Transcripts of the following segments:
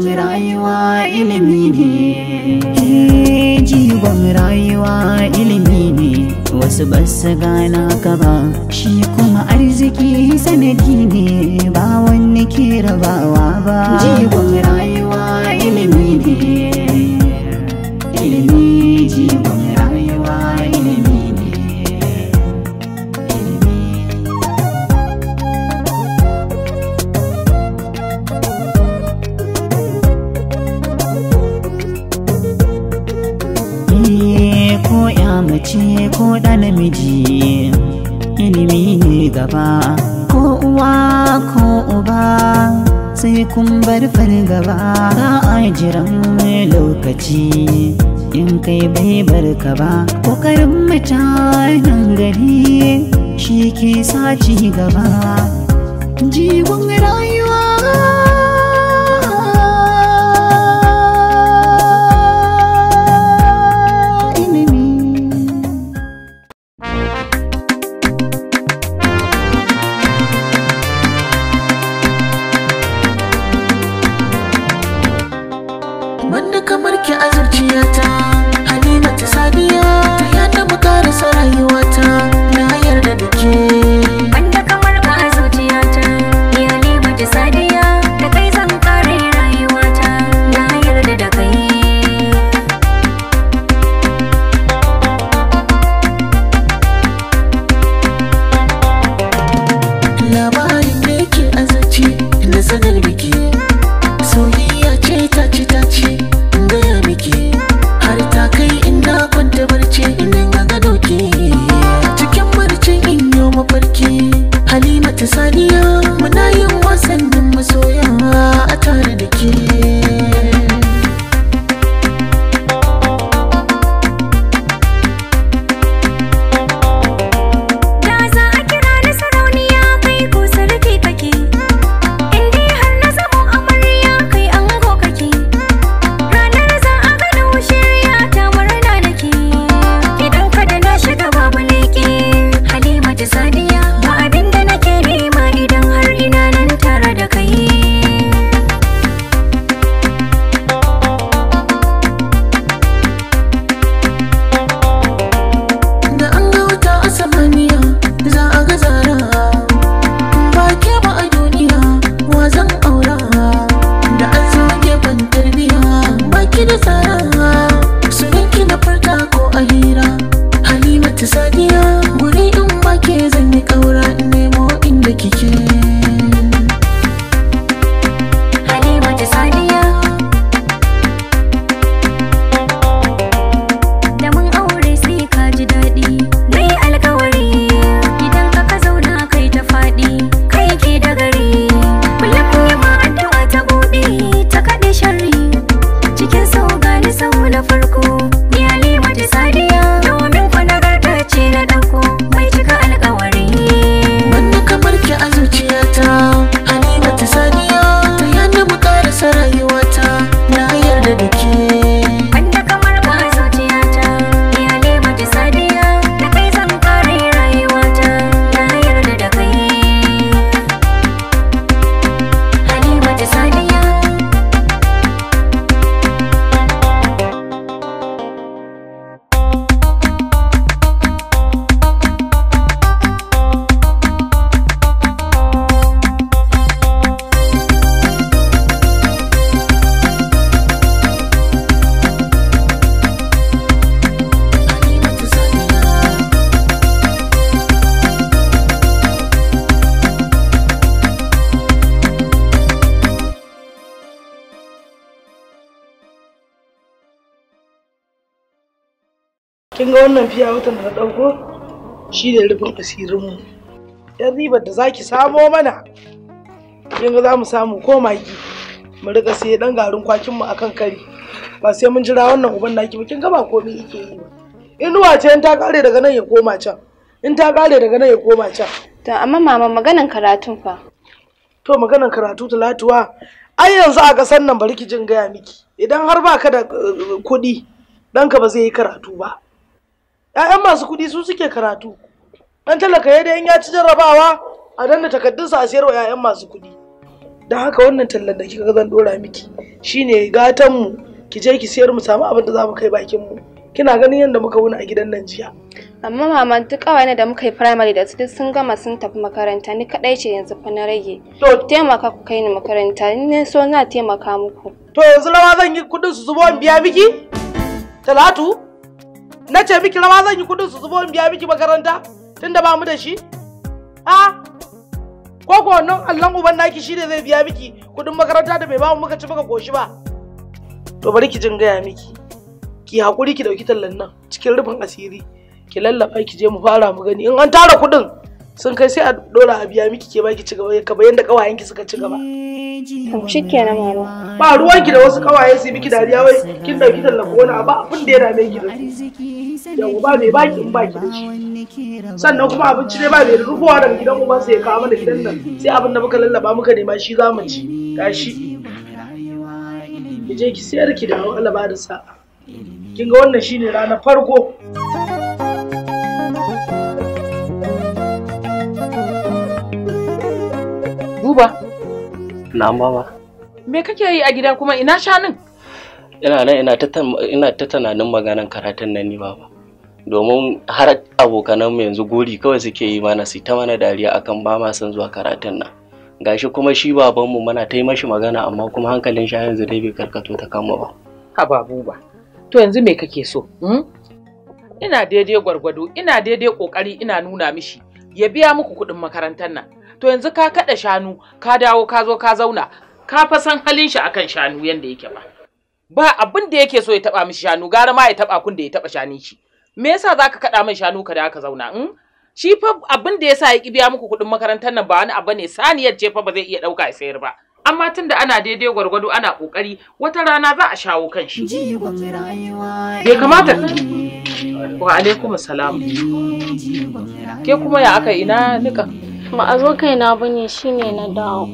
jigon rayuwa ilimi ne eh, jigon rayuwa ilimi ne wasu basu gana ka ba shi kuma arziki sanadi ne ba wani ke rabawa ba jigon rayuwa ilimi ne ilimi gaba ko uwa ko uba sai kun bar fargaba ba a jiran lokaci in kai bai bar ka ba kokarin mutanen gari shi ke sa ci gaba jigon rana wannan fiya wutan da na ɗauko shi ne rufin asirinmu yan ribar da zaki samo mana kin ga za mu samu ko maki mu riƙa sai ɗan garin kwakinmu mu akan kari ba sai mun jira wannan uban naki ba kin ga ba komai yake yi ba inuwa ce in ta kare daga nan ya koma can in ta kare daga nan ya koma can to amma mama maganan karatun fa to maganan karatu talatuwa ai yanzu a kasan nan bari ki jin gaya miki idan har baka da eh, kuɗi ɗanka ba zai yi karatu ba 'ya'yan masu kuɗi su suke karatu ɗan talaka ya in ya ci jarrabawa a danna takardunsa a wa 'ya'yan masu kuɗi Da haka wannan tallan da kika zan ɗora miki shine gatan mu ki je ki sayar mu samu abin da za mu kai bakin mu kina ganin yadda muka wuni a gidan nan jiya amma mama duk ƙawayen da muka yi firamare da duk sun gama sun tafi makaranta ni kaɗai ce yanzu fa na rage to taimaka ku kai ni makaranta ni ne so na taimaka muku to yanzu lawa zan yi kuɗin su zubo in biya miki talatu na ce miki rawa zan yi kudin su zubo in biya miki makaranta tunda ba mu da shi ha ko ko wannan allon uban naki shi ne zai biya miki kudin makaranta da bai ba mu muka ci muka goshi ba to bari ki jin gaya miki ki hakuri ki dauki tallan nan cikin rufin asiri ki lallaba ki je mu fara mu gani in an tara kudin sun kai sai a dora a biya miki ke baki ci gaba kaba yadda da kawayen ki suka ci gaba shikenan mama ba ruwan ki da wasu kawaye su miki dariya wai kin dauki tallafi wani abu abin da ya dame ki da yau ba mai baki in baki da shi sannan kuma abinci ne ba mai rufowa daga gidan uba sai ya kawo mana gidan nan sai abin da muka lallaba muka nema shi za mu ci tashi ki je ki sayar ki da Allah ba da sa'a kin ga wannan shine ranar farko Na Na'am mama. Me kake yi a gida kuma ina shanin? Ina nan ina ta ina tunanin maganan karatun nan ni, baba. Domin har abokanan mu yanzu gori kawai suke yi mana su ta mana dariya akan ba ma san zuwa karatun nan. Gashi kuma shi babanmu mana ta yi mashi magana amma kuma hankalin shi yanzu dai bai karkato ta kama ba. Buba. To yanzu me kake so? Hmm? Ina daidai gwargwado, ina daidai kokari ina nuna mishi. Ya biya muku kuɗin makarantar nan. to yanzu ka kaɗa shanu ka dawo ka zo ka zauna ka fa san halin shi akan shanu yanda yake ba ba abin da yake so ya taba mishi shanu gara ma ya taba kun da ya taba shanin shi me yasa zaka kaɗa min shanu ka da ka zauna in hmm? shi fa abin da yasa ya ki biya muku kuɗin makarantar nan ba wani abu ne saniyar ce fa ba zai iya ɗauka ya sayar ba amma tun da ana daidai gwargwado ana kokari wata rana za a shawo kan shi bai kamata wa alaikum salam ke kuma ya aka ina nika Ba a zo kaina ba ne shine na dawo.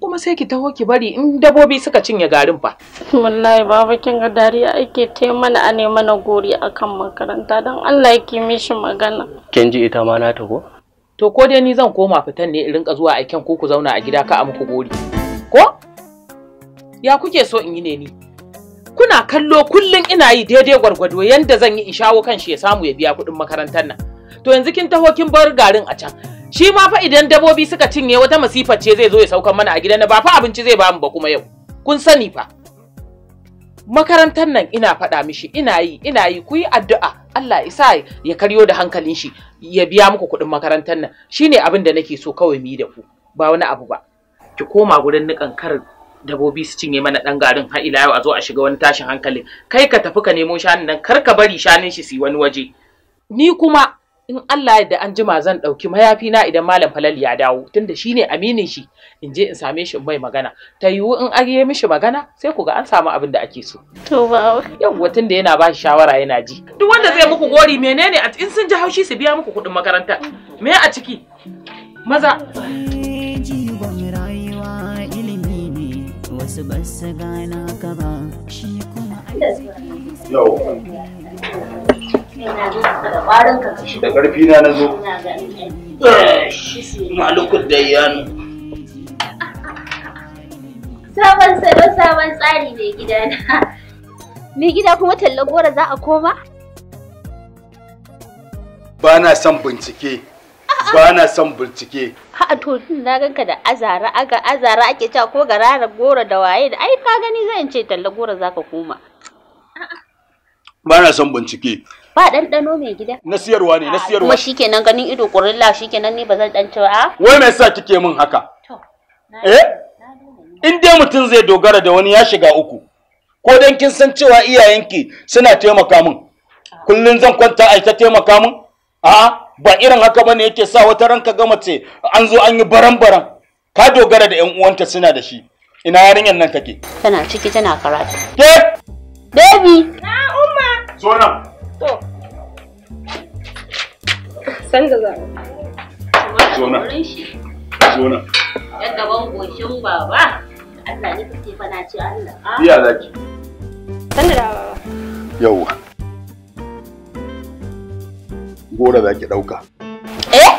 Kuma sai ki taho ki bari in dabobi suka cinye garin fa. Wallahi baba kin ga dariya ake ta mana a nema na gori akan makaranta don Allah ya mishi magana. Kin ji ita ma na taho? To ko dai ni zan koma fitan ne in rinka zuwa aiken ko ku zauna a gida ka a muku gori. Ko? Ya kuke so in yi ne ni? Kuna kallo kullum ina yi daidai gwargwado yanda zan yi in shawo kan shi ya samu ya biya kuɗin makarantar nan. To yanzu kin taho kin bar garin a can. shi ma fa idan dabobi suka cinye wata masifar ce zai zo ya saukan mana a gidan ba fa abinci zai bamu ba kuma yau kun sani fa makarantar nan ina faɗa mishi ina yi ina yi ku yi addu'a Allah isa ya karyo da hankalin shi ya biya muku kuɗin makarantar nan shine abin da nake so kawai mu da ku ba wani abu ba ki koma gurin nikan kar dabobi su cinye mana dan garin har ila yau a zo a shiga wani tashin hankalin kai ka tafi ka nemo shanin nan kar ka bari shanin shi su wani waje ni kuma in Allah yadda an jima zan ɗauki mayafi na idan malam falal ya dawo tunda shi ne aminin shi in je in same shi in bai magana ta yiwu in agiye mishi magana sai ku ga an samu abin da ake so to ba da tunda yana ba shi shawara yana ji duk wanda zai muku gori menene a in sun ji haushi su biya muku kuɗin makaranta me a ciki maza wasu ba su gana ka ba shi da ƙarfi na na zo malukun da yanu sabon salo sabon tsari mai gida na mai gida kuma talla gora za a koma ba na son bincike ba na son bincike a to na ganka da azara aka azara ake cewa ko garara gora da waye da ai ka gani zan ce talla gora za ka koma ba na son bincike ba ɗanɗano mai gida na siyarwa ne na ah, siyarwa kuma shikenan ganin ido ƙurilla shikenan ne ba zan dan ci ah. wai me yasa kike min haka eh in dai mutum zai dogara da wani ya shiga uku ko dan kin san cewa iyayenki suna taimaka min ah. kullun zan kwanta a ita taimaka min a'a ba irin haka bane yake sa wata ranka ga mace an zo an yi baran-baran ka dogara da yan uwanta suna da shi ina yarinyar nan take tana ciki tana karatu ke baby zo nan to san da za zo nan zo nan yan gaban goshin baba Allah ne kake Allah ah. iya zaki san da baba gora zaki dauka eh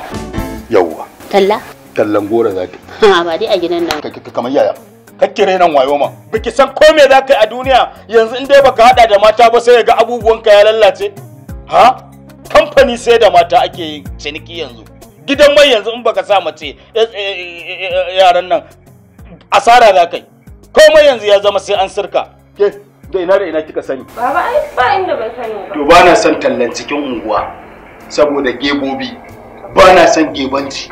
talla tallan gora zaki ha ba dai a gidan nan kamar yaya kake rainan wayo ma biki san ko me zaka yi a duniya yanzu in dai baka hada da mata ba sai ga abubuwanka ya lalace. ha kamfani sai da mata ake ciniki yanzu gidan mai yanzu in baka sa mace eh, eh, eh, yaran nan asara za kai komai yanzu ya zama sai an sirka ke da ina da ina kika sani baba ai ba inda ban sani ba to bana son tallan cikin unguwa saboda gebobi bana son gebanci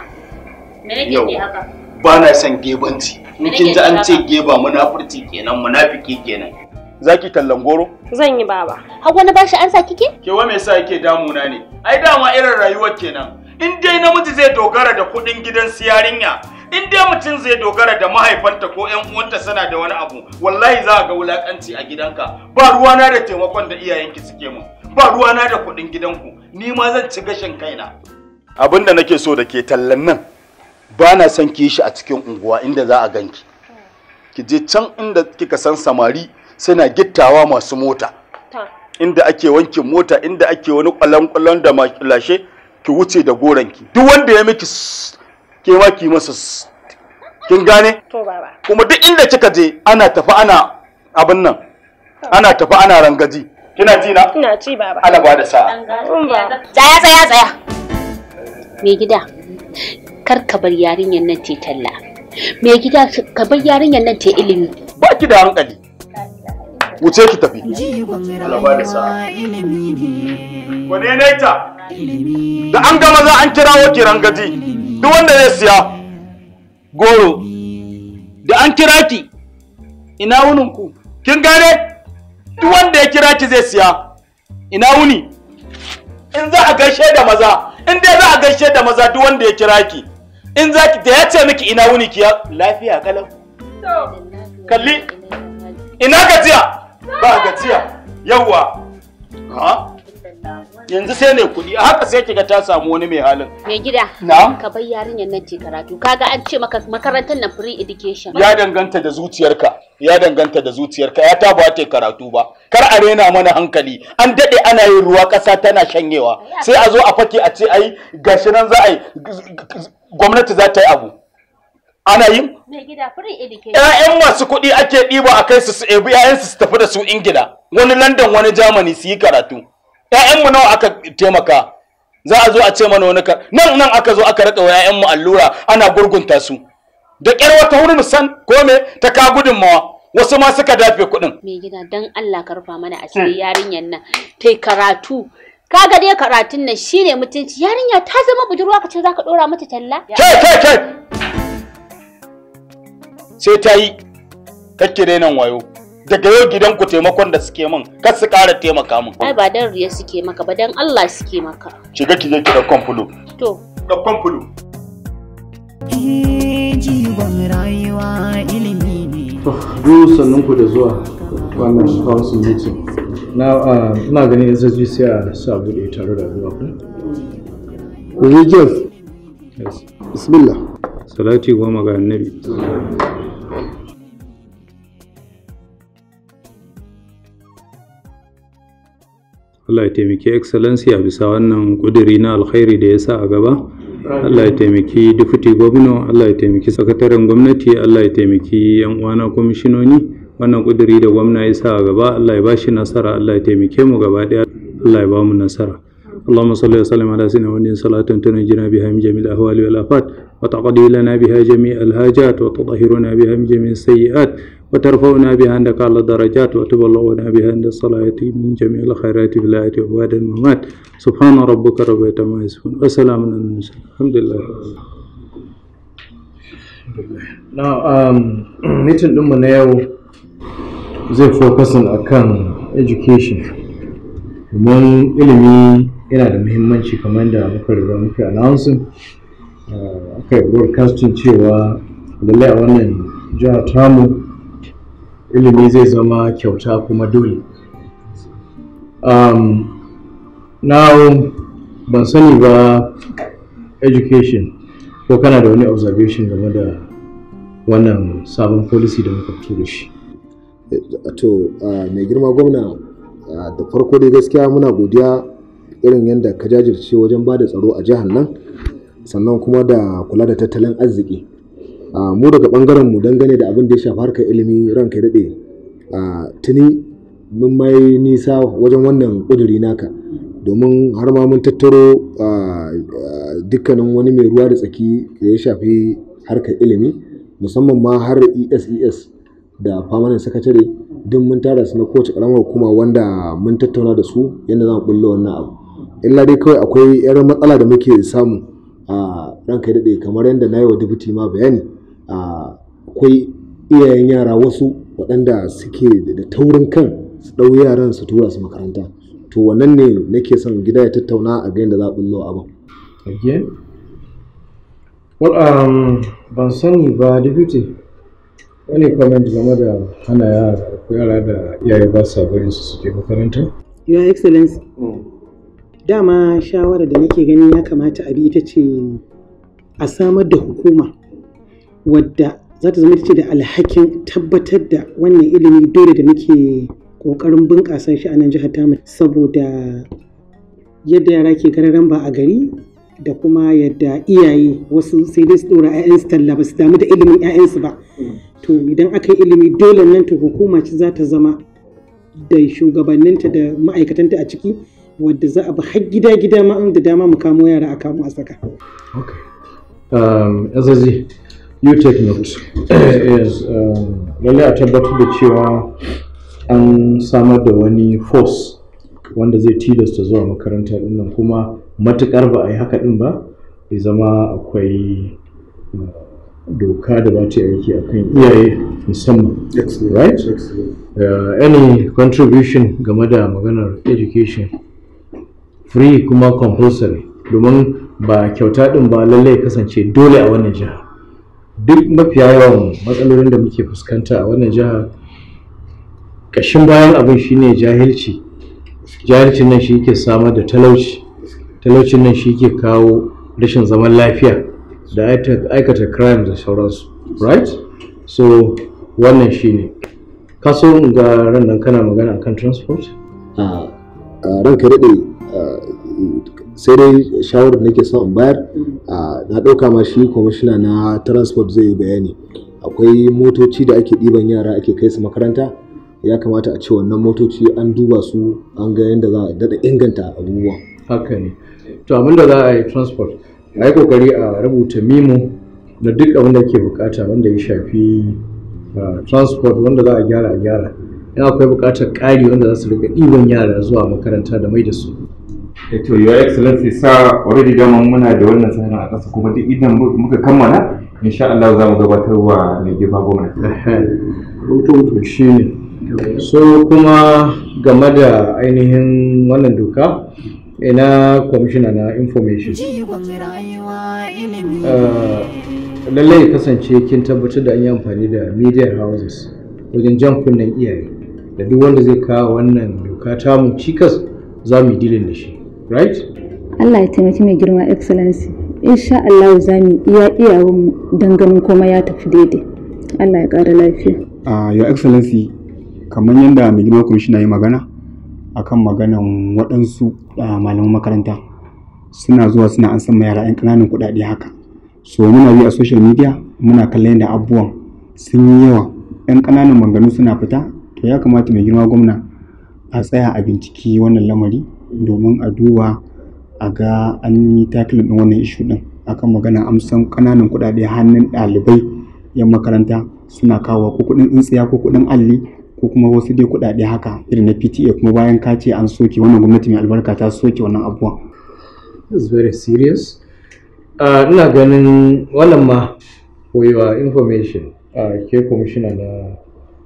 me yake haka ba na son gebanci in kin ji an ce geba munafurci kenan munafiki kenan zaki tallan goro zan yi baba har wani bashi an sa kike ke wa me yasa yake damuna ne ai dama irin rayuwar kenan in dai namiji zai dogara da kuɗin gidan yarinya, in dai mutum zai dogara da mahaifanta ko yan uwanta sana da wani abu wallahi za a ga wulakanci a gidanka ba ruwana da taimakon da iyayenki suke mu ba ruwana da kuɗin gidanku ni ma zan ci gashin kaina abin da nake so da ke tallan nan ba na son ki shi a cikin unguwa inda za a ganki ki je can inda kika san samari suna gittawa masu mota inda ake wankin mota inda ake wani kwallon-kwallon da lashe ki wuce da goranki duk wanda ya miki ke ma ki masa kin gane kuma duk inda kika je ana tafi ana abin nan ana tafi ana rangaji kina ji na ina ci baba ana ba da sa'a tsaya tsaya tsaya me gida kar ka bar yarinyar nan ta talla mai gida ka bar yarinyar nan ta ilimi ba ki da hankali wuce ki tafi kwane ne ta da an gama za an kirawo kiran gaji duk wanda ya siya goro da an kira ki ina wunin ku kin gane duk wanda ya kira ki zai siya ina wuni in za a gaishe da maza in dai za a gaishe da maza duk wanda ya kira ki in zaki da ya ce miki ina wuni ki lafiya kalau kalli ina gajiya ba gajiya yawwa ha yanzu sai ne kuɗi a haka sai kiga ta samu wani mai halin mai gida na ka bar yarinyar nan ce karatu kaga an ce maka makarantar na free education ya danganta da zuciyarka ya danganta da zuciyarka ya ta ba ta karatu ba kar a rena mana hankali an dade ana yin ruwa ƙasa tana shanyewa sai a zo a fake a ce ai gashi nan za a yi gwamnati za ta yi abu ana yi ƴaƴan masu kuɗi ake ɗiba a kai su su ebi ƴaƴansu su tafi da su ingila wani london wani germany su yi karatu yayanmu nawa aka taimaka za a zo a ce mana wani kar nan nan aka zo aka raka wa mu allura ana gurgunta su da ƙyar wata wurin san ko me ta ka gudunmawa wasu ma suka dafe kuɗin. Me gida don Allah ka rufa mana asiri yarinyar nan ta karatu Ka ga dai karatun nan shine mutunci yarinya ta zama budurwa kace zaka dora mata talla? Ke ke ke. Sai ta yi kake nan wayo. Daga yau gidan ku taimakon da suke min, kar su ƙara taimaka min. Ai ba dan riya suke maka ba dan Allah suke maka. Shiga ki je ki daukan fulu. To. Daukan fulu. jiwon rayuwa ilimi ne. To, sannunku da zuwa. wannan council meeting na uh, ina ganin SSG sai a sa bude taro da zuwa ku we give yes bismillah salati goma ga annabi Allah ya taimaki excellency a bisa wannan ƙuduri na alkhairi da ya sa a gaba. Allah ya taimaki deputy governor, Allah ya taimaki sakataren gwamnati, Allah ya taimaki 'yan uwana kwamishinoni. wannan kuduri da gwamna ya sa gaba Allah ya bashi nasara Allah ya taimake mu gaba ɗaya Allah ya ba mu nasara اللهم صل وسلم على سيدنا محمد صلاة تنجينا بها من جميع الأهوال والآفات وتقضي لنا بها جميع الهاجات وتطهرنا بها من جميع السيئات وترفعنا بها عندك على الدرجات وتبلغنا بها عند الصلاة من جميع الخيرات في الآية وبعد الممات سبحان ربك رب يصفون وسلام على المرسلين الحمد لله Now, um, meeting ɗinmu na yau zai a kan education domin ilimi yana da muhimmanci kamar da muka riga muka announcing uh, aka yi broadcasting cewa lallai a wannan jihar tamu ilimi zai zama kyauta kuma dole um, ban sani ba education ko kana da wani observation game da wannan sabon policy da muka fito da shi Eh, to mai girma gwamna da farko dai gaskiya muna godiya irin yadda ka jajirce wajen ba da tsaro a jihar nan sannan kuma da kula da tattalin arziki mu daga bangaren mu dangane da abin da ya shafi harkar ilimi ranka daɗe tuni mun mai nisa wajen wannan ƙuduri naka domin har ma mun tattaro dukkanin wani mai ruwa da tsaki da ya shafi harkar ilimi musamman ma har IS-IS. E e da famanin sakatare duk mun tara su na kowace karamar hukuma wanda mun tattauna da su yadda za mu bullo wannan abu illa dai kawai akwai yar matsala da muke samu a ranka daɗe kamar yadda na yi wa dubuti ma bayani akwai iyayen yara wasu waɗanda suke da taurin kan su ɗau yaran su tura su makaranta to wannan ne nake son gida ya tattauna a ga yadda za a bullo abu? Um, ban sani ba dubuti wani comment game da hana yara da iyaye ba sa barin su makaranta your excellency hmm. dama shawara da nake gani ya kamata a bi ita ce a samar da hukuma wadda za ta zama ita ce da alhakin tabbatar da wannan ilimi dole da nake kokarin bunƙasa shi a nan jihar tamu saboda yadda yara ke gararan ba a gari da kuma yadda iyaye wasu sai dai su dora ƴaƴansu talla ba su damu da ilimin 'ya'yansu ba to idan aka yi ilimi dole nan ta hukuma ce za ta zama da shugabanninta da ma'aikatanta a ciki wadda za a bi har gida gida ma da dama mu kamo yara a kamo a saka. Okay. Um, you take note. yes, um, lalle a da cewa an samar da wani force wanda zai tilasta zuwa makaranta dinnan kuma matukar ba a yi haka din ba ya zama akwai uh, doka da bata ta yi a akan iyaye musamman right uh, any contribution game da maganar education free kuma compulsory domin ba kyauta din ba lallai kasance dole a wannan jiha duk mafiya yawan matsalolin da muke fuskanta a wannan jiha kashin bayan abin shine jahilci jahilcin nan shi yake samar da talauci talaucin nan shi yake kawo rashin zaman lafiya da aikata crime da sauransu right so wannan shi ne kaso ga ran nan kana magana akan transport ranka daɗe sai dai shawarar nake son in bayar na ɗauka ma shi kwamishina na transport zai yi bayani akwai motoci da ake ɗiban yara ake kai su makaranta ya kamata a ce wannan motoci an duba su an ga yadda za a daɗa inganta abubuwa haka ne to abin da za a yi transport a yi kokari a rubuta mimo da duk abin da ke bukata wanda ya shafi transport wanda za a gyara a gyara in akwai bukatar ƙari wanda za su rika ɗiban yara zuwa makaranta da mai da su eh, to your excellency sa already dama muna da wannan sanin a ƙasa kuma duk idan muka kammala insha Allah za mu gabatar wa mai girma gwamnati. Rubutu shi ne. so kuma game da ainihin wannan doka ina kwamishina na information ah, lallai kasance kin tabbatar da an yi amfani da media houses wajen jan kunnen iyaye da duk wanda zai kawo wannan doka ta mu cikas za mu yi dilin da shi right Allah ya taimaki mai girma excellency insha Allah za mu iya iyawun dangane kuma ya tafi daidai Allah ya ƙara lafiya ah, Ya excellency kamar yadda mai girma kwamishina yi magana akan maganan waɗansu malaman makaranta suna zuwa suna an sama yara 'yan ƙananan kuɗaɗe haka so muna yi a social media muna kallon yadda abubuwan sun yi yawa 'yan ƙananan manganu suna fita to ya kamata mai girma gwamna a tsaya a binciki wannan lamari domin a duba a ga an yi takilin ɗin wannan ishu ɗin akan magana amsan ƙananan kuɗaɗe hannun ɗalibai 'yan makaranta suna kawo ko kuɗin tsintsiya ko kuɗin alli ko kuma wasu dai kuɗaɗe haka irin na PTA kuma bayan ka ce an soke wannan gwamnati mai albarka ta soke wannan abubuwan. very serious. Ah, ina ganin wannan ma for your information ah, ke kwamishina na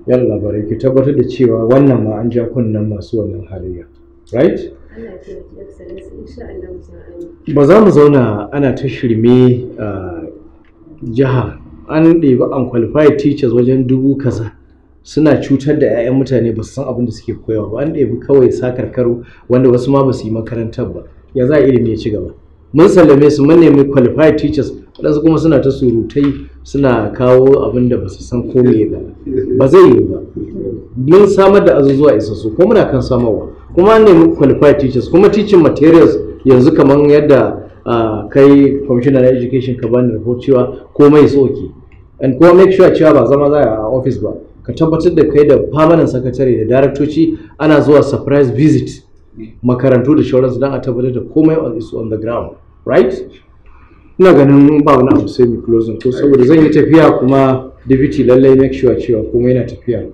yan labarai ki tabbatar da cewa wannan ma an ja kunnen masu wannan halayya. Right? Ba za mu zauna ana ta shirme ah, jiha an ɗebi an qualified teachers wajen dubu kaza. suna cutar da 'ya'yan mutane ba su san abin da suke koyawa ba an ɗebi kawai sakar karo wanda wasu ma ba su yi makarantar ba ya za a ilimi ya ci gaba mun sallame su mun nemi qualified teachers waɗansu kuma suna ta surutai suna kawo abin da ba su san komai ba ba zai yi ba mun samar da azuzuwa isassu ko muna kan samarwa kuma an nemi qualified teachers kuma teaching materials yanzu kamar yadda kai commissioner na education ka bani rahoto cewa komai soke and kuma make sure cewa ba zama za a office ba ka tabbatar da kai da permanent sakatare da daraktoci ana zuwa surprise visit makarantu da shawararsu don a tabbatar da komai is on the ground right ina ganin ba wani abu sai mu closing ko saboda zan yi tafiya kuma deputy lallai make sure cewa kuma yana tafiya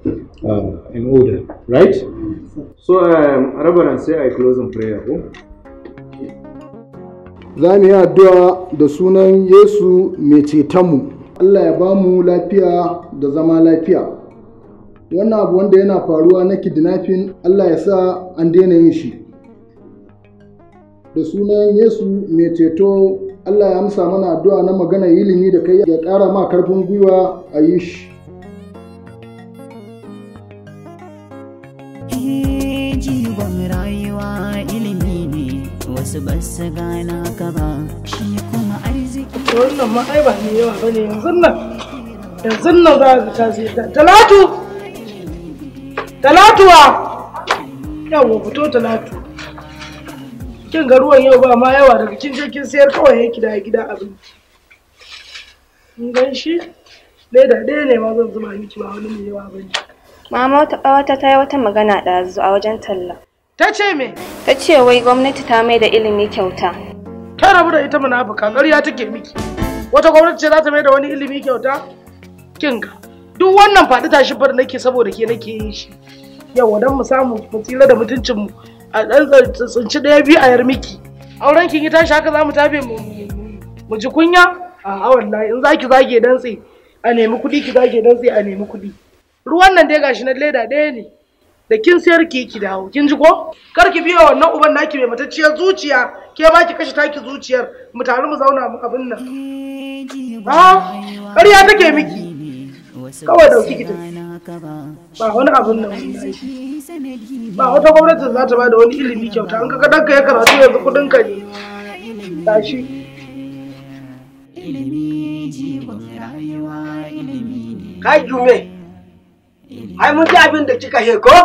uh, in order right so um, rabaran sai i closing prayer ko za mu yi addu'a da sunan yesu mai cetonmu allah ya ba mu lafiya da zama lafiya wannan abu wanda yana faruwa na kidnapping Allah ya sa an daina yin shi da sunan Yesu mai ceto Allah ya amsa mana addu'a na magana ilimi da kai ya ƙara ma karfin gwiwa a yi shi ne wasu ba su gana ka ba shi kuma arziki wannan ma ai ba ne yawa yanzu nan yanzu nan za ka tashi talatu Talatuwa! Yawwa fito talatu. Kin ga ruwan yau ba ma yawa daga kin je kin sayar kawai yake ya gida abin. Kin gan shi? Leda ɗaya ne ma zan zuma miki ba wani mai yawa ne. Mama wata ƙawata ta yi wata magana ɗazu a wajen talla. Ta ce me? Ta ce wai gwamnati ta mai da ilimi kyauta. Ta rabu da ita munafuka ƙarya take miki. Wata gwamnati ce za ta mai da wani ilimi kyauta? Kin ga. duk wannan faɗi tashi bar nake saboda ke nake yin shi yau don mu samu mu tsira da mutuncin mu a ɗan tsinci ɗaya biyu a yar miki auren kin yi tashi haka za mu tafe mu ji kunya a wallahi in zaki zage dantse a nemi kuɗi ki zage dantse a nemi kuɗi ruwan nan dai gashi na leda ɗaya ne da kin sayar ki ki dawo kin ji ko kar ki biya wannan uban naki mai matacciyar zuciya ke ma ki kashe taki zuciyar mu taru mu zauna mu abin nan a kariya take miki kawai dauki ki ba wani abun nan ba wata gwamnatin za ta ba da wani ilimi kyauta an kaga danka ya karatu yanzu kudin ka ne Ka yi jume ai mun ji abin da kika he ko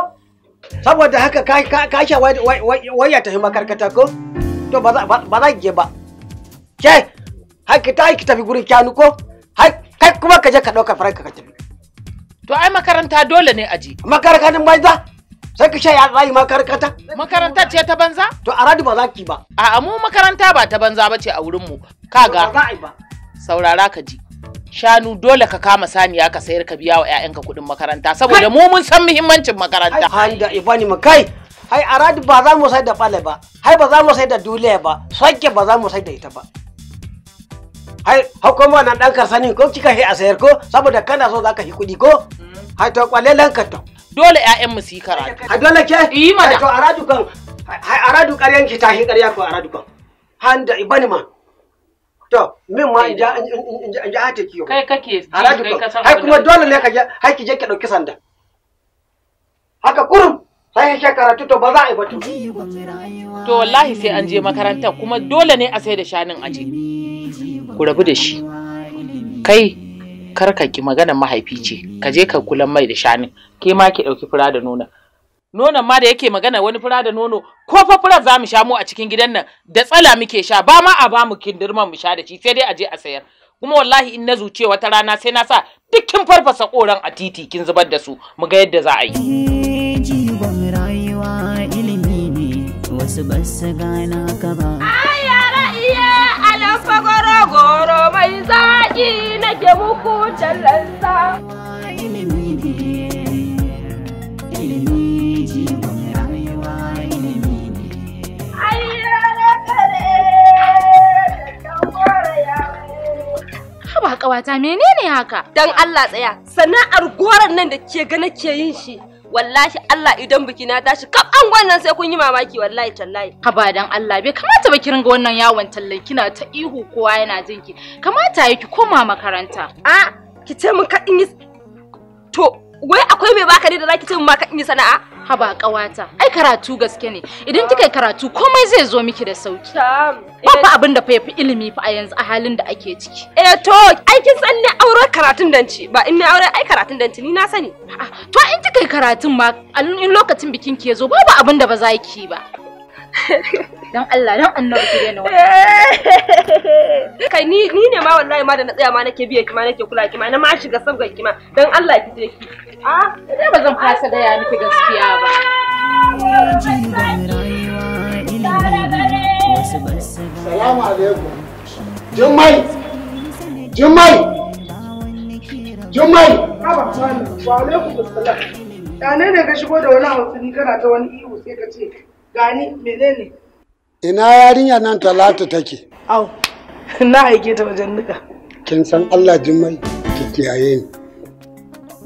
saboda haka ka sha waya ta hima karkata ko to ba za ki je ba ke haki ta ki tafi gurin kyanu ko kai kuma ka je ka ɗauka faranka ka tafi To ai makaranta dole ne aje. Makarantar banza? Sai ka shaya rayu makaranta? Makaranta ce ta banza? To a radu ba za ki ba. A amu makaranta ba ta banza ba ce a wurin mu. Ka Ba za ba. Saurara ka ji. Shanu dole ka kama saniya ka sayar ka biya wa 'ya'yanka kuɗin makaranta saboda mu mun san muhimmancin makaranta. Hai da Ibani ma kai a radu ba za mu sai da bale ba Hai ba za mu sai da dole ba sake ba za mu sai da ita ba Hai hukuma nan dan karsani sani ko kika yi a sayar ko saboda kana so zaka yi kuɗi ko Hato kwalelan ka to. Dole ya mu su yi karatu. A dole ke? Yi mana. To aradu kan aradu ƙaryan ki tahi ƙarya ko aradu kan. Handa ibani ma. To min ma in ja in ja ta kiyo. Kai kake ji kai ka san. kuma dole ne ka je hai ki je ki dauki sanda. Haka kurum. sai ya karatu to ba za a yi batu. To wallahi sai an je makarantar kuma dole ne a sai da shanin aje. Ku rabu da shi. Kai kar ka ki maganar mahaifi ce ka je ka kulan mai da shanin ke ma ki ɗauki fura da nono. nonon ma da yake magana wani fura da nono ko fa fura za mu sha mu a cikin gidan nan da tsala muke sha ba ma a ba mu kindirman mu sha da shi sai dai a je a sayar kuma wallahi in na zuce wata rana sai na sa dukkin farfasa koran a titi kin zubar da su mu ga yadda za a yi jigon rayuwa ilimi ne wasu Roƙi nake muku tallansa. Ilimi ƙawata menene haka? Don Allah tsaya, sana'ar goron nan da ke ga nake yin shi. wallahi Allah idan biki na tashi kaf an wannan sai kun yi mamaki wallahi tallahi Ka ba dan Allah bai kamata ba ki ringa wannan yawon tallan kina ta ihu kowa yana jinki ki kamata yake koma makaranta a ki ce mun ka to wai akwai mai baka ne da zaki ce ma ka yi sana'a haba kawata ai karatu gaske ne idan kika karatu komai zai zo miki da sauki ba eh. fa abin da fa yafi ilimi fa a yanzu a halin da ake ciki eh to ai kin san ne auren karatun danci ba in ne auren ai karatun danci ni na sani ah, to in kika karatun ma a lokacin bikin ki ya zo babu abin da ba za ki ba Don Allah don annabi ki daina wannan. Eh. Kai ni ni ne ma wallahi ma da na tsaya ma nake biya ki ma nake kula ki ma na ma shiga sabgar ki ma don Allah ki je ki. Ah, ina ba zan fasa gaya miki gaskiya ba. Salamu alaikum. Jummai! Jummai! Jummai! Wa alaikum assalam. Ɗane ne ka shigo da wani hausuni kana ta wani ihu sai ka ce gani menene ina yarinya nan talata take au na aike ta wajen nika kin san Allah jimai ki kiyaye ni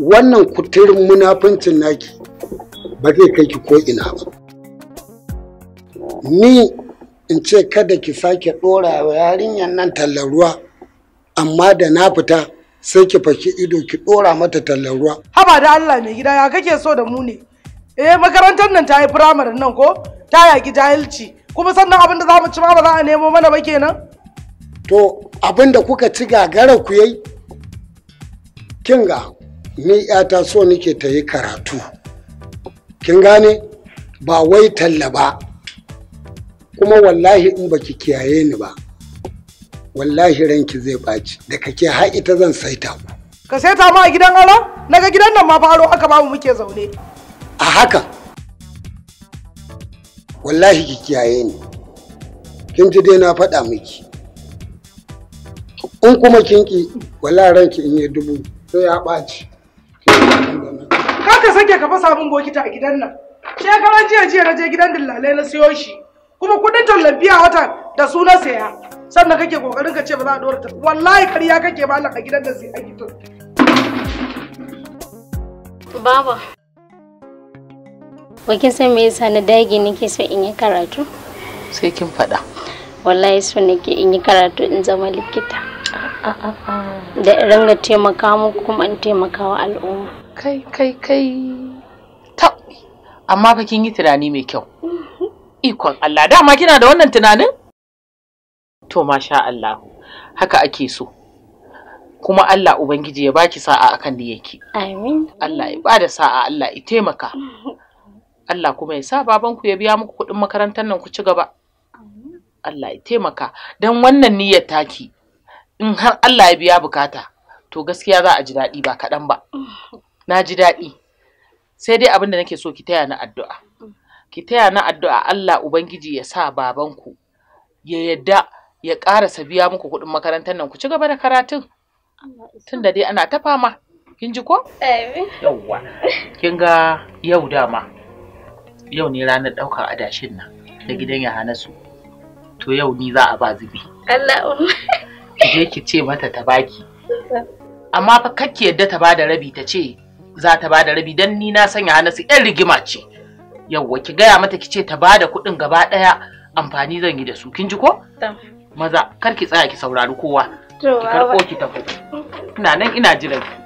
wannan kuturin munafincin naki ba zai kai ki ko ina ba ni in ce kada ki sake dora wa yarinyar nan tallar ruwa amma da na fita sai ki faki ido ki dora mata tallar ruwa haba da Allah mai gida ya kake so da mu ne eh makarantar nan ta yi firamaren nan ko ta yaki jahilci kuma sannan abin da za mu ci ma ba za a nemo mana ba kenan to abin da kuka ci gagara ku yayi kinga ni yata so nake ta yi karatu kin gane ba wai talla ba kuma wallahi in baki kiyaye ni ba wallahi ranki zai ɓaci da kake haƙi ta zan saita ku ka saita ma a gidan Na ga gidan nan ma faro aka ba mu muke zaune a hakan wallahi ki kiyaye ni kin ji dai na faɗa miki in kuma kin ki wallahi ranki in yi dubu to ya ɓaci kaka sake ka fasa min bokita a gidan nan shekaran jiya jiya na je gidan dillalai na siyo shi kuma kudin tallafiya wata da suna saya sannan kake kokarin ka ce ba za a dora ta wallahi kariya kake ba a gidan da sai gidan Baba, Wakin san me yasa na dage nake so in yi karatu? Sai kin faɗa. Wallahi so nake in yi karatu in zama likita. Da ranga taimaka mu kuma in taimaka wa al'umma. Kai kai kai. Ta. Amma fa kin yi tunani mai kyau. Mhm. Ikon Allah dama kina da wannan tunanin? To masha Allah. Haka ake so. kuma Allah Ubangiji ya baki sa'a akan da yake. Amin. Allah ya bada sa'a Allah ya taimaka. Mhm. Allah kuma ya sa babanku ya biya muku kuɗin makarantar nan ku ci gaba. Allah ya taimaka don wannan niyyar taki in har Allah ya biya bukata to gaskiya za a ji daɗi ba kaɗan ba. Na ji daɗi. Sai dai abin da nake so ki taya na addu'a. Ki taya na addu'a Allah Ubangiji ya sa babanku ya yadda ya ƙarasa biya muku kuɗin makarantar nan ku ci gaba da karatun. da dai ana ta fama. Kin ji ko? Yawwa. Kin ga yau dama. yau ne ranar ɗaukar adashin nan da gidan ya hana su to yau ni za a ba zubi je ki ce mata ta baki amma fa kakki yadda ta bada rabi ta ce za ta bada rabi dan ni na sanya hana su yan rigima ce yauwa ki gaya mata ki ce ta bada kuɗin gaba ɗaya amfani zan yi da su kin ji ko maza kar ki tsaya ki saurari kowa ki karɓo ki tafi ina nan ina jiran ki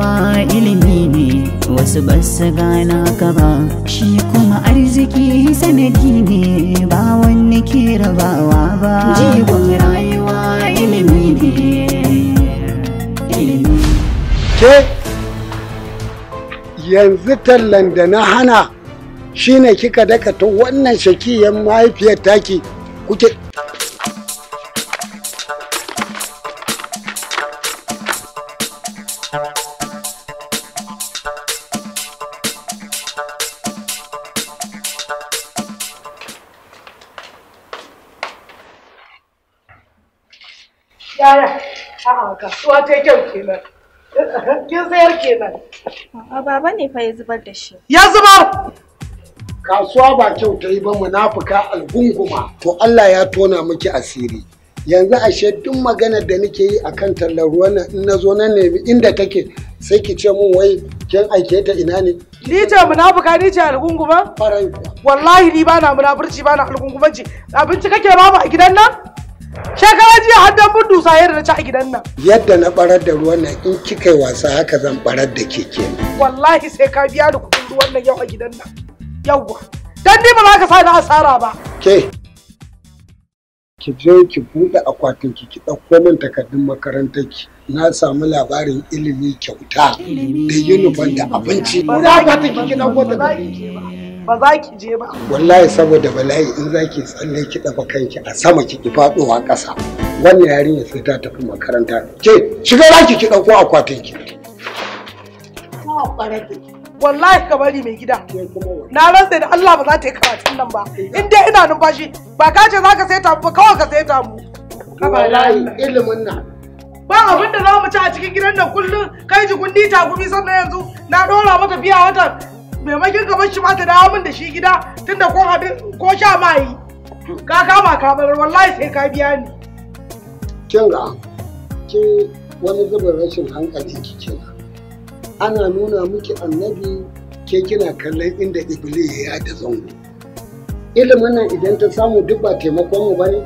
cewa ilimi ne wasu basu gana ka ba shi kuma arziki sanadi ne ba wani ke rabawa ba rayuwa ilimi ne ke yanzu tallan da na hana shine kika daka ta wannan shakiyan mahaifiyar taki kuke kasuwa ta kyau kenan. Kin sayar kenan. A'a baba ne fa ya zubar da shi. Ya zubar! Kasuwa ba kyau ta yi ba munafuka algunguma. To Allah ya tona miki asiri. Yanzu ashe duk maganar da nake yi a kan tallar ruwan nan in na zo na nemi inda take sai ki ce mun wai kin aike ta ina ne. Ni ce munafuka ni ce algunguma? Farai Wallahi ni ba na munafurci ba na algungumanci. Abinci kake babu a gidan nan? shekara jiya har da mun dusa yadda na ci a gidan nan yadda na barar da ruwan nan in kika yi wasa haka zan barar da keke wallahi sai ka biya da kuɗin ruwan nan yau a gidan nan yawwa dan ni ba za ka sa ni asara ba ke ki je ki buɗe akwatin ki ki ɗauko min takardun makarantar ki na samu labarin ilimi kyauta da yunifon da abinci ba za ka ki ɗauko takardun ki ba ba za ki je ba wallahi saboda bala'i in za ki tsalle ki dafa kanki a sama ki ki faɗowa ƙasa wannan yarinya sai ta tafi makaranta ke shiga za ki ɗauko akwatin ki wallahi ka bari mai gida na rasa da Allah ba za ta yi karatun nan ba in dai ina numfashi ba ka ce za ka sai ta mu ba kawai ka sai ta mu wallahi ilimin nan ba abin da za mu ci a cikin gidan nan kullum kai ji kundi gumi sannan yanzu na dora maka biya watan maimakon gaban shi ma ta dawo min da shi gida tunda ko hadu ko sha mai ka kama ka bar wallahi sai ka biya ni kin ga ke wani zubin rashin hankali kike ana nuna miki annabi ke kina kallon inda iblis ya yi da zango ilimin nan idan ta samu duk ba taimakon mu bane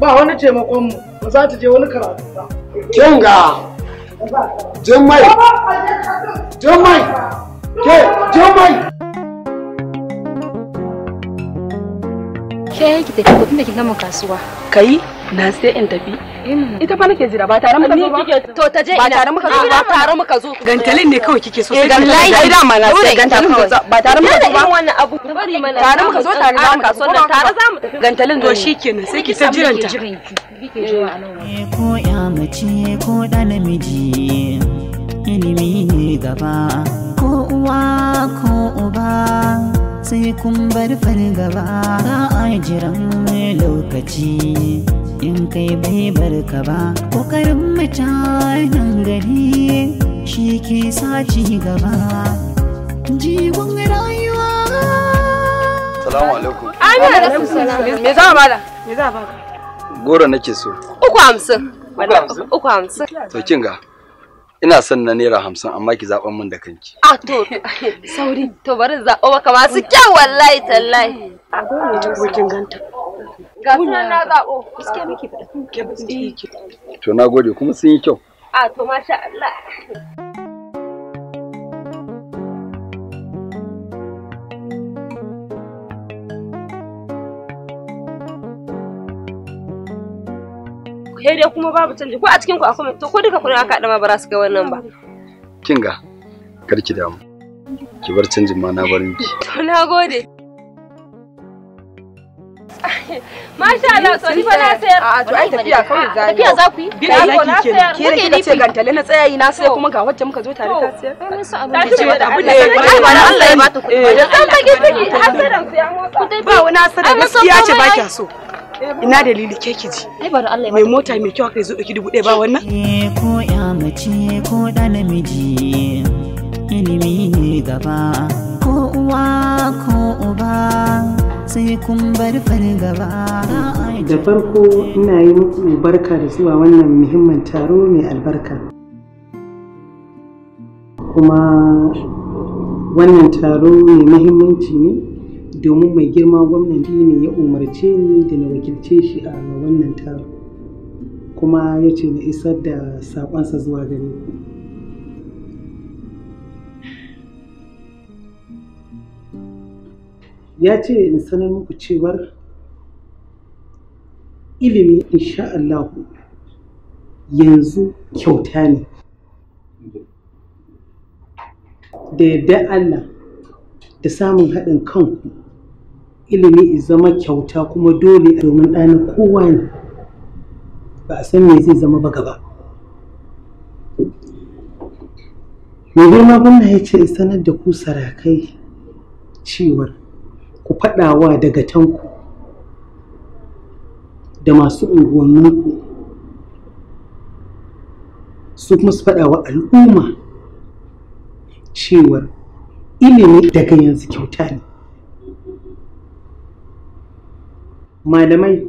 ba wani taimakon mu ba za ta je wani karatu ba kin ga Jummai! Jummai! Ke, je mai! Ke ki tafi kudin da ki gama kasuwa. Kai, na sai in tafi. Mm. Ita fa nake jira ba tare muka zo ba. To ta je ina. Ba tare muka zo ba. tare muka zo. Gantalin ne kawai kike so. Gantalin da idan na sai gantalin Ba tare muka zo ba. Wannan abu bari mana. Tare muka zo tare mu kasuwa tare za tafi. Gantalin to shikenan sai ki ta eh, Ko ya mace ko da namiji ilimi ne gaba. ko uwa ko uba sai kun bar fargaba a jiran lokaci in kai bai bar ka ba ƙoƙarin mutanen gari shi ke sa ci gaba jigon rayuwa salamu alaikum ana alaikum salam me za a bada me za a baka goro nake so uku hamsin uku hamsin to kinga ina son na naira hamsin amma ki zaɓan min da kanki. Ah to sauri to bari zaɓo maka masu kyau wallahi tallahi. A dole ne wajen ganta. Ga sunan na zaɓo. Gaskiya miki eh. faɗa. To na gode kuma sun yi kyau. Ah to masha Allah. sai dai kuma babu canji ko a cikin ku akwai to ko duka kun aka dama ba za su ga wannan ba kin ga kar ki damu ki bar canjin ma na barin ki to nagode Masha Allah, to ni ba na sayar. A to ai tafiya kawai za ni Tafiya za ku yi? Bila za ki ke. Ke da kika ce gantale na tsayayi na sayar kuma ga wacce muka zo tare ta sayar. Ta ce wata abu da ya kwarai ba Allah ya ba ta kuɗi. Dan ta ki hasaran su ya motsa. Ba wani hasaran gaskiya ce ba ki so. ina dalili ke ki ji ai bari Allah ya mai mota mai kyau kai zo ɗauki dubu ɗaya ba wannan ko ya mace ko da namiji ilimi ne gaba ko uwa ko uba sai kun bar fargaba da farko ina yi muku barka da zuwa wannan muhimmin taro mai albarka kuma wannan taro mai muhimmanci ne domin mai girma gwamnan ne ya umarce ni da na wakilce shi a wannan taro kuma ya ce na isar da saƙonsa zuwa gare ku ya ce in sanar muku cewar ilimi insha Allah yanzu kyauta ne da yadda Allah da samun haɗin kanku ilimi zama kyauta kuma dole domin ɗana kowa ne ba a san me zai zama ba gaba mai ma gwamna ya ce sanar da ku sarakai cewar ku faɗawa daga tanku da masu unguwanninku su kuma su faɗawa al'umma cewar ilimi daga yanzu kyauta ne malamai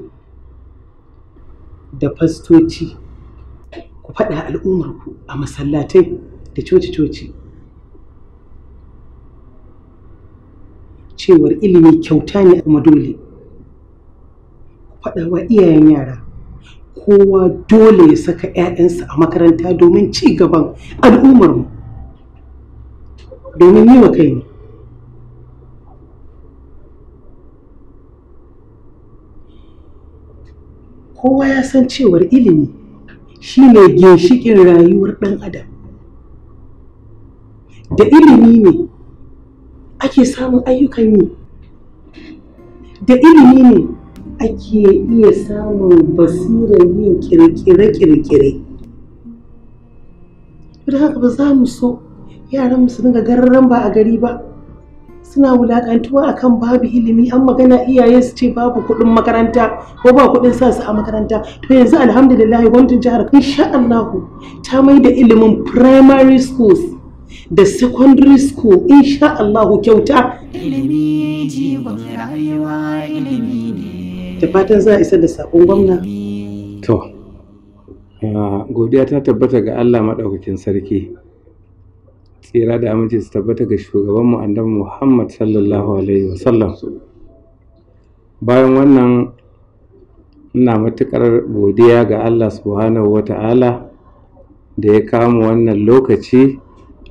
da fastoci ku faɗa al'ummarku a masallatai da coci-coci cewar ilimi kyauta ne kuma dole ku faɗa wa iyayen yara kowa dole ya saka 'ya'yansa a makaranta domin ci gaban al'ummarmu domin yi wa kai ne kowa ya san cewar ilimi shine ginshikin rayuwar ɗan adam da ilimi ne ake samun ayyukan yi da ilimi ne ake iya samun basirar yin kirkire-kirkire da haka ba za mu so yaran su dinga garran ba a gari ba suna wulakantuwa akan babu ilimi an magana iyaye su ce babu kuɗin makaranta ko ba kuɗin sa su a makaranta to yanzu alhamdulillah gwamnatin jihar insha Allah ta mai da ilimin primary schools da secondary school insha Allah kyauta ilimi jiwon rayuwa ilimi ne da fatan za a isa da sakon gwamna to godiya ta tabbata ga Allah madaukakin sarki tsira da aminci su tabbata ga mu annabi Muhammad sallallahu alaihi wasallam bayan wannan ina matukar godiya ga Allah subhanahu wata'ala da ya kama wannan lokaci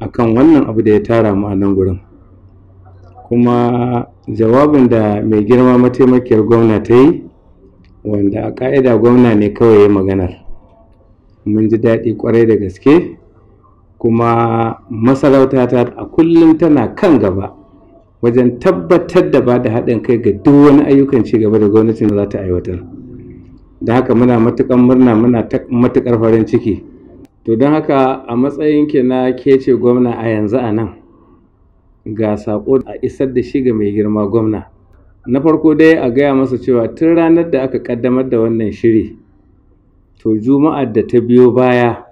akan wannan abu da ya tara mu a nan gurin kuma jawabin da mai girma mataimakiyar gwamna ta yi wanda a ka'ida gwamna ne kawai ya maganar mun ji daɗi kwarai da gaske kuma masarauta ta a kullum tana kan gaba wajen tabbatar da ba da haɗin kai ga duk wani ayyukan ci gaba da gwamnatin za ta aiwatar da haka muna matuƙar murna muna matuƙar farin ciki to don haka a matsayin ki na ke ce gwamna a yanzu a nan ga saƙo a isar da shi ga mai girma gwamna na farko dai a gaya masa cewa tun ranar da aka ƙaddamar da wannan shiri to juma'ar da ta biyo baya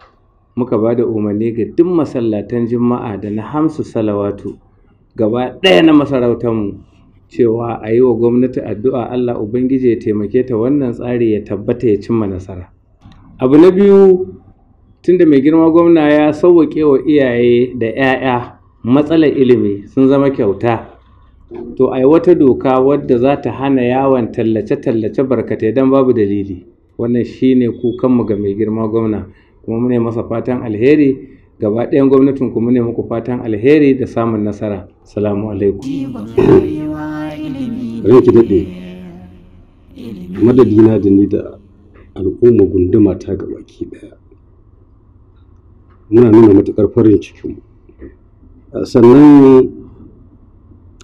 muka ba da umarni ga duk masallatan juma'a da na hamsu salawatu gaba ɗaya na mu. cewa a yi wa gwamnati addu'a Allah Ubangiji ya taimake ta wannan tsari ya tabbata ya cimma nasara. Abu na biyu tunda mai girma gwamna ya sauwaƙe wa iyaye da ‘ya'ya matsalar ilimi sun zama kyauta. To ai wata doka wadda za ta hana yawon tallace-tallace barkatai don babu dalili. Wannan shine kukanmu ga mai girma gwamna. kuma mune masa fatan alheri gaba ɗayan gwamnatin kuma mune muku fatan alheri da samun nasara salamu alaikum ranki daɗe madadina da ni da al'umma gunduma ta gabaki ɗaya muna nuna matuƙar farin cikinmu sannan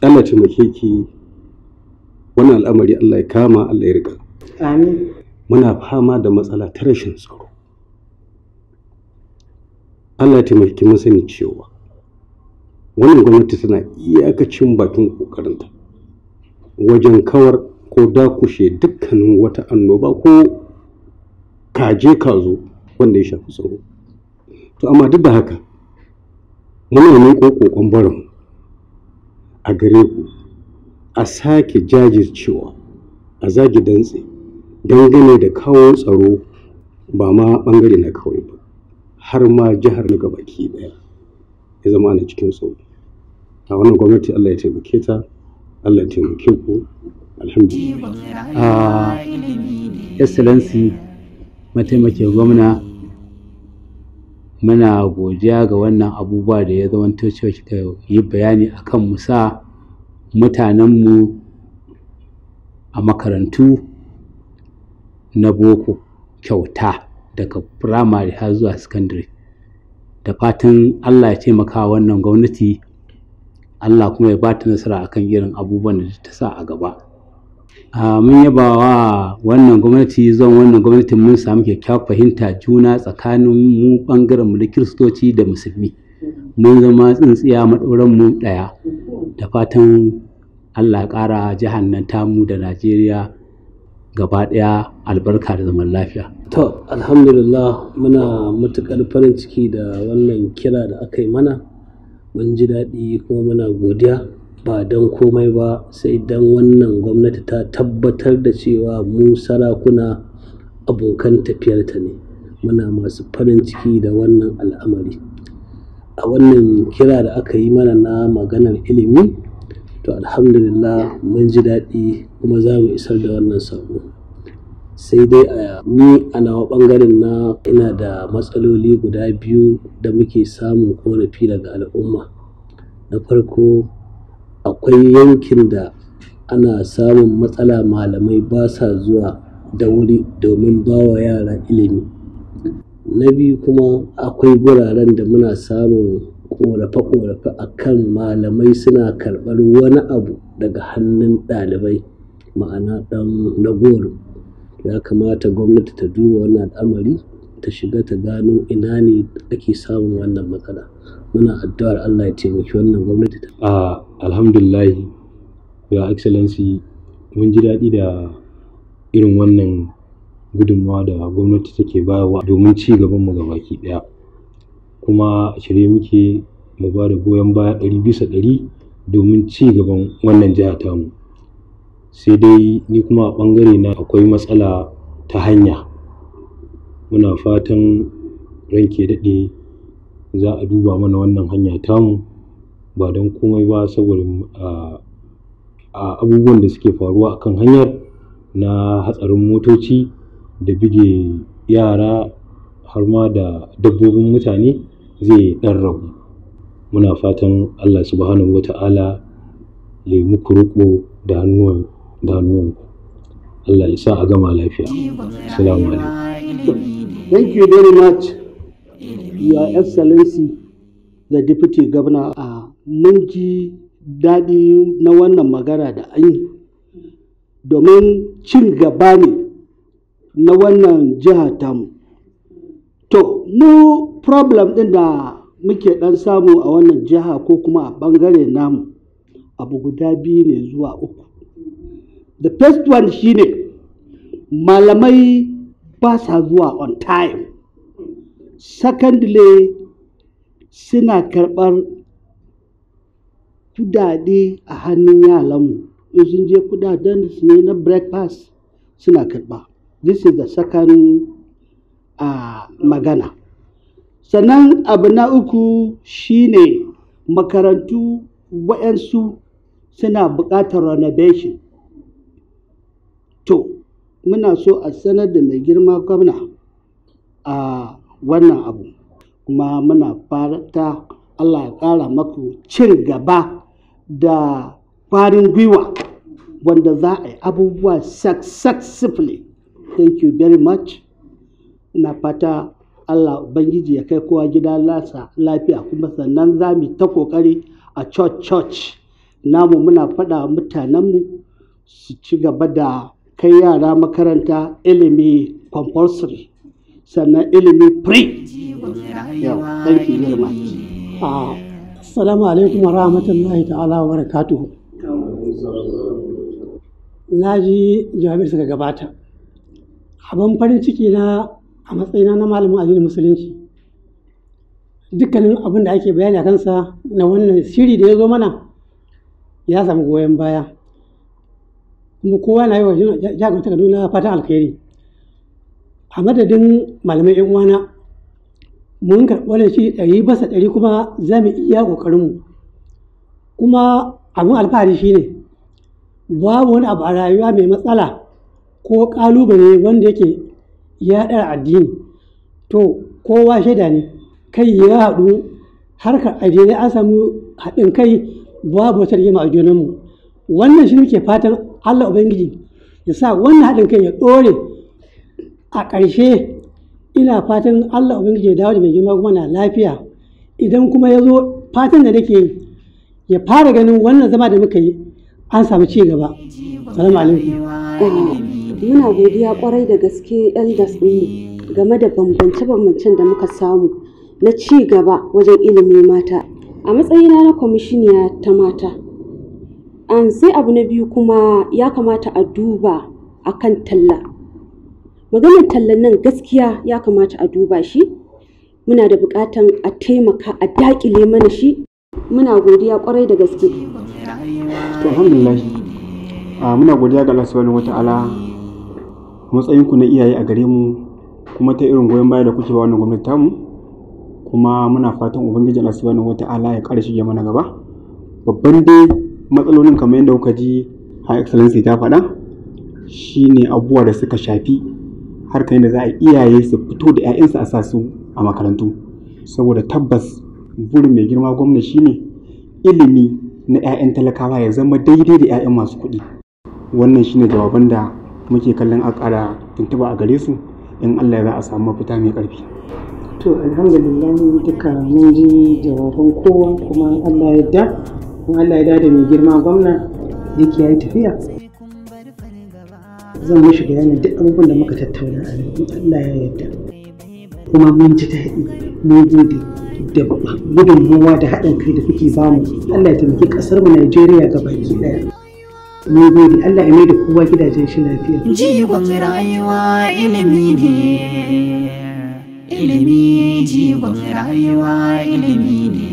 ana taimake ki wannan al'amari Allah ya kama Allah ya riga. Amin. Muna fama da matsala ta rashin tsaro. Allah ya taimaki mun sani cewa wannan gwamnati tana iyakacin bakin kokarinta wajen kawar ko dakushe dukkanin wata annoba ko kaje kazo wanda ya shafi tsaro to amma duk da haka muna miƙo kokon barin a gare ku a sake jajircewa a zagi dantse dangane da kawo tsaro ba ma bangare na kawai ba har ma jihar na gabaki daya ya zama na cikin tsoro a wannan gwamnati Allah ya taimake ta Allah ya taimake ku alhamdulillah a ah, excellency mataimakin gwamna muna godiya ga wannan abubuwa da ya zama cewa kika yi bayani akan musa mutanenmu a makarantu na boko kyauta daga firamare har zuwa secondary da fatan allah ya taimaka wannan gwamnati allah kuma ya bata nasara akan irin abubuwan da ta sa a gaba A mun yaba wa wannan gwamnati zuwa wannan gwamnatin mun samu kyakkyawar fahimta juna tsakanin mu bangaren mu na kiristoci da musulmi mun zama tsintsiya maɗauran mu ɗaya da fatan allah ya ƙara jihar nan tamu da najeriya gaba ɗaya albarka da zaman lafiya. To, alhamdulillah muna matuƙar farin ciki da wannan kira da aka yi mana, mun ji daɗi kuma muna godiya ba don komai ba sai don wannan gwamnati ta tabbatar da cewa mu sarakuna abokan tafiyarta ne. Muna masu farin ciki da wannan al'amari. A wannan kira da aka yi mana na maganar ilimi, to alhamdulillah mun ji daɗi kuma za mu isar da wannan sako sai dai a ni a nawa ɓangaren na ina da matsaloli guda biyu da muke samun korafi daga al'umma na farko akwai yankin da ana samun matsala malamai ba sa zuwa da wuri domin ba wa yara ilimi na biyu kuma akwai guraren da muna samun korafe-korafe a kan malamai suna karɓar wani abu daga hannun ɗalibai ma'ana ɗan na goro ya kamata gwamnati ta duba wannan al'amari ta shiga ta gano ina ne ake samun wannan matsala muna addu'ar Allah ya taimaki wannan gwamnati ta a alhamdulillah ya excellency mun ji daɗi da irin wannan gudunmawa da gwamnati take bayarwa domin ci gaban mu baki ɗaya kuma shirye muke mu ba da goyon baya ɗari bisa ɗari domin ci gaban wannan jiha tamu sai dai ni kuma a ɓangare na akwai matsala ta hanya muna fatan ranke daɗe za a duba mana wannan hanya tamu ba don komai ba saboda a abubuwan da suke faruwa a kan hanyar na hatsarin motoci da bige yara har ma da dabbobin mutane zai ɗan ragu muna fatan Allah subhanahu ta'ala ya yi muku riƙo da hannuwan da hannuwan Allah ya sa a gama lafiya assalamu alaikum thank you very much your excellency the deputy governor a mun ji daɗi na wannan magana da an yi domin cin gaba ne na wannan jiha tamu to mu problem ɗin da muke ɗan samu a wannan jiha ko kuma a ɓangare namu abu guda biyu ne zuwa uku the first one shine malamai ba sa zuwa on time secondly suna karɓar kudade a hannun mu, in sun je kudaden su ne na breakfast suna karɓa this is the second uh, magana sannan abu na uku shine makarantu waɗansu suna buƙatar renovation to muna so a sanar da mai girma gwamna a wannan abu kuma muna fata Allah ya ƙara maku cin gaba da farin gwiwa wanda za a yi abubuwa successfully thank you very much na fata Allah Ubangiji ya kai kowa gida lasa lafiya kuma sannan za mu ta kokari a church church namu muna faɗa mutanenmu su ci gaba da kai yara makaranta ilimi compulsory sannan ilimi free yau ah, alaikum wa rahmatullahi ta'ala wa barakatuhu na ji jawabin suka gabata abin farin ciki na a matsayina na malamin addinin musulunci dukkanin abin da ake bayani a kansa na wannan shiri da ya zo mana ya samu goyon baya kuma kowa na yi wa jagorta kaduna fatan alkhairi a madadin malamai yan uwana mun karɓar wannan shi ɗari basa ɗari kuma za mu iya ƙoƙarinmu kuma abin alfahari shine babu wani abu a rayuwa mai matsala ko ƙalubale wanda yake ya ɗara addini to kowa shaida ne kai ya haɗu harkar addinai an samu haɗin kai babu wata rigima a junanmu wannan shi muke fatan allah ubangiji ya sa wannan haɗin kai ya ɗore a ƙarshe ina fatan allah ubangiji ya dawo da mai girma kuma na lafiya idan kuma ya zo fatan da nake ya fara ganin wannan zama da muka yi an samu ci gaba salamu alaikum Muna godiya kwarai da gaske Elders ɗinmu game da bambance-bambancen da muka samu na ci gaba wajen ilimin mata. A matsayina na kwamishiniya ta mata, an sai abu na biyu kuma ya kamata a duba a kan talla. Maganin tallan nan gaskiya ya kamata a duba shi, muna da buƙatan a taimaka a daƙile mana shi, muna godiya kwarai da gaske. Alhamdulillah. Ah, muna godiya ga Allah subhanahu wata'ala matsayinku na iyaye a gare mu kuma ta irin goyon baya da kuke ba wannan gwamnati tamu kuma muna fatan ubangiji Allah wata ala ya ƙara shige mana gaba babban dai matsalolin kamar yadda kuka ji high excellency ta faɗa shine abubuwa da suka shafi harkar da za a iyaye su fito da 'ya'yansu a sa su a makarantu saboda tabbas burin mai girma gwamna shine ilimi na 'ya'yan talakawa ya zama daidai da 'ya'yan masu kuɗi wannan shine jawaban da muke kallon a ƙara tuntuba a gare su in Allah ya za a samu mafita mai ƙarfi. To alhamdulillah duka mun ji jawaban kowa kuma Allah ya da kuma Allah ya da mai girma gwamna yake ya yi tafiya. Zan mishi bayanin duk abubuwan da muka tattauna a nan Allah ya yarda. Kuma mun ji haɗi mun gode da gudunmuwa da haɗin kai da kuke bamu Allah ya taimaki ƙasarmu Najeriya gaba ki ɗaya. mun gode Allah ya mai da kowa gidajen shi lafiya jigon rayuwa ilimi ne ilimi jigon rayuwa ilimi ne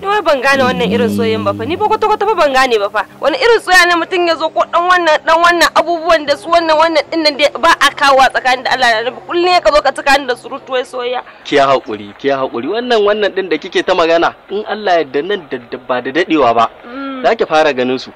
ni wai ban gane wannan irin soyayyen ba fa ni ba kwata kwata ba ban gane ba fa wani irin soyayya ne mutum ya zo ko dan wannan dan wannan abubuwan da su wannan wannan din nan ba a kawo tsakanin da Allah da rabu kullun ya ka zo ka tsakanin da surutuwai soyayya ki ya hakuri ki ya hakuri wannan wannan din da kike ta magana in Allah ya yarda nan da ba da dadewa ba mm. zaki fara ganin su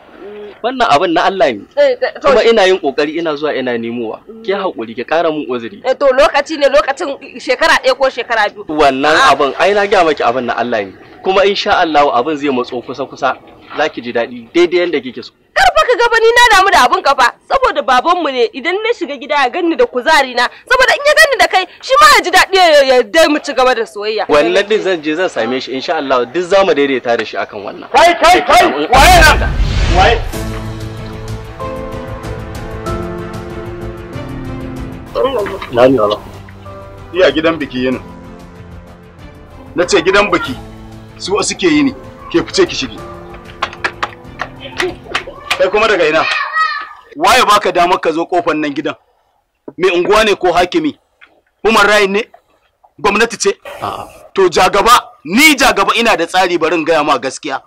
wannan abin na Allah ne eh, eh, kuma ina yin kokari ina zuwa ina nemowa ki mm. hakuri ki kara mun uzuri eh to lokaci ne lokacin shekara ɗaya ko shekara biyu wannan ah. abin ai na ga maki abin na Allah ne kuma insha Allah abin zai matso kusa kusa zaki ji daɗi daidai yanda kike so karfa ka gaba ni na damu da abin kafa saboda babanmu ne idan na shiga gida ya ganni da kuzari na saboda in ya ganni da kai shi ma ya ji daɗi ya dai mu ci gaba da soyayya wannan zan je zan same shi insha Allah duk zamu daidaita da shi akan wannan kai kai kai waye What? Na gidan biki yini. Na ce gidan biki su suke yi ne ke fice ki shige. Kai kuma daga ina? Waye baka damar ka zo kofar nan gidan? Mai unguwa ne ko hakimi? Human right ne? Gwamnati ce? A'a. To jagaba, ni jagaba ina da tsari barin gaya ma gaskiya.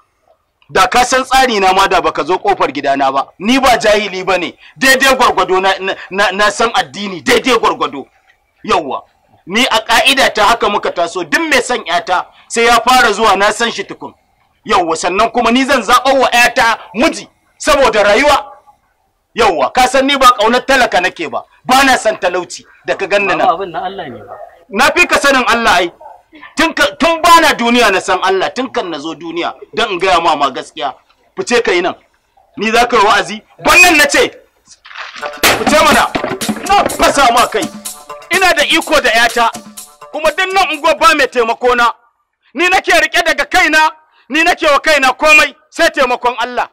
da ka san tsari na ma da baka zo kofar gidana ba ni ba jahili ba ne daidai gwargwado na, na, na san addini daidai gwargwado yauwa ni a ka'ida ta haka muka taso duk mai san yata sai ya fara zuwa na san shi tukun yauwa sannan kuma ni zan zaɓo wa yata miji saboda rayuwa yauwa ka san ni ba ƙaunar talaka nake ba ba na san talauci da ka ganna na na na fi ka sanin Allah ai tun ba na duniya na san Allah tun kan na zo duniya don in gaya ma ma gaskiya fice ka yi nan ni za ka yi wa'azi bannan na ce fice mana na fasa ma kai ina da iko da yata kuma duk nan unguwa ba mai taimako na ni nake rike daga kaina ni nake wa kaina komai sai taimakon Allah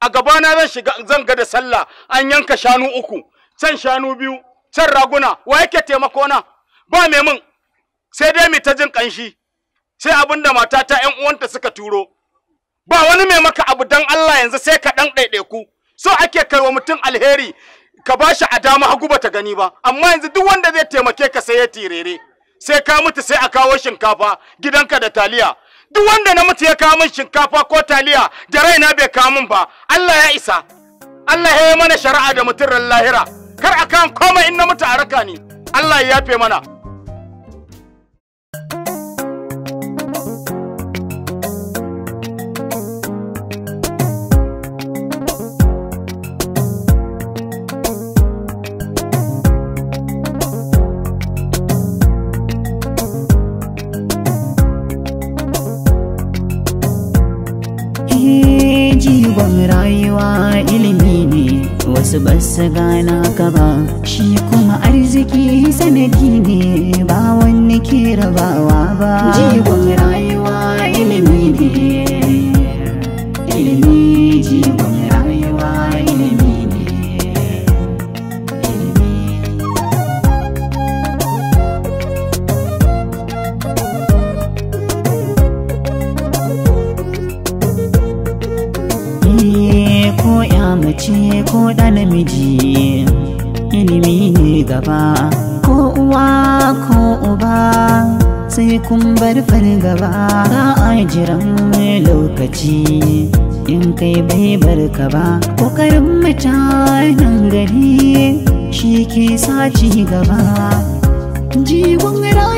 a gabana zan shiga zan ga da sallah an yanka shanu uku can shanu biyu can raguna wa yake taimako na ba mai mun sai dai mai ta jin kanshi sai abin da matata yan uwanta suka turo ba wani mai maka abu dan Allah yanzu sai ka dan ɗaiɗaiku so ake kai wa mutum alheri ka ba shi a dama hagu ta gani ba amma yanzu duk wanda zai taimake ka sai ya tirere sai ka mutu sai a kawo shinkafa gidanka da taliya duk wanda na mutu ya kawo min shinkafa ko taliya da raina bai kawo min ba Allah ya isa Allah ya yi mana shari'a da mutum lahira kar a kan komai in na mutu a raka ni Allah ya yafe mana sa gana ka ba shi kuma arziki sanadi ne ba wanne ke rabawa ka ba ƙoƙarin mutanen gari shi ke sa ci gaba jigon rayuwa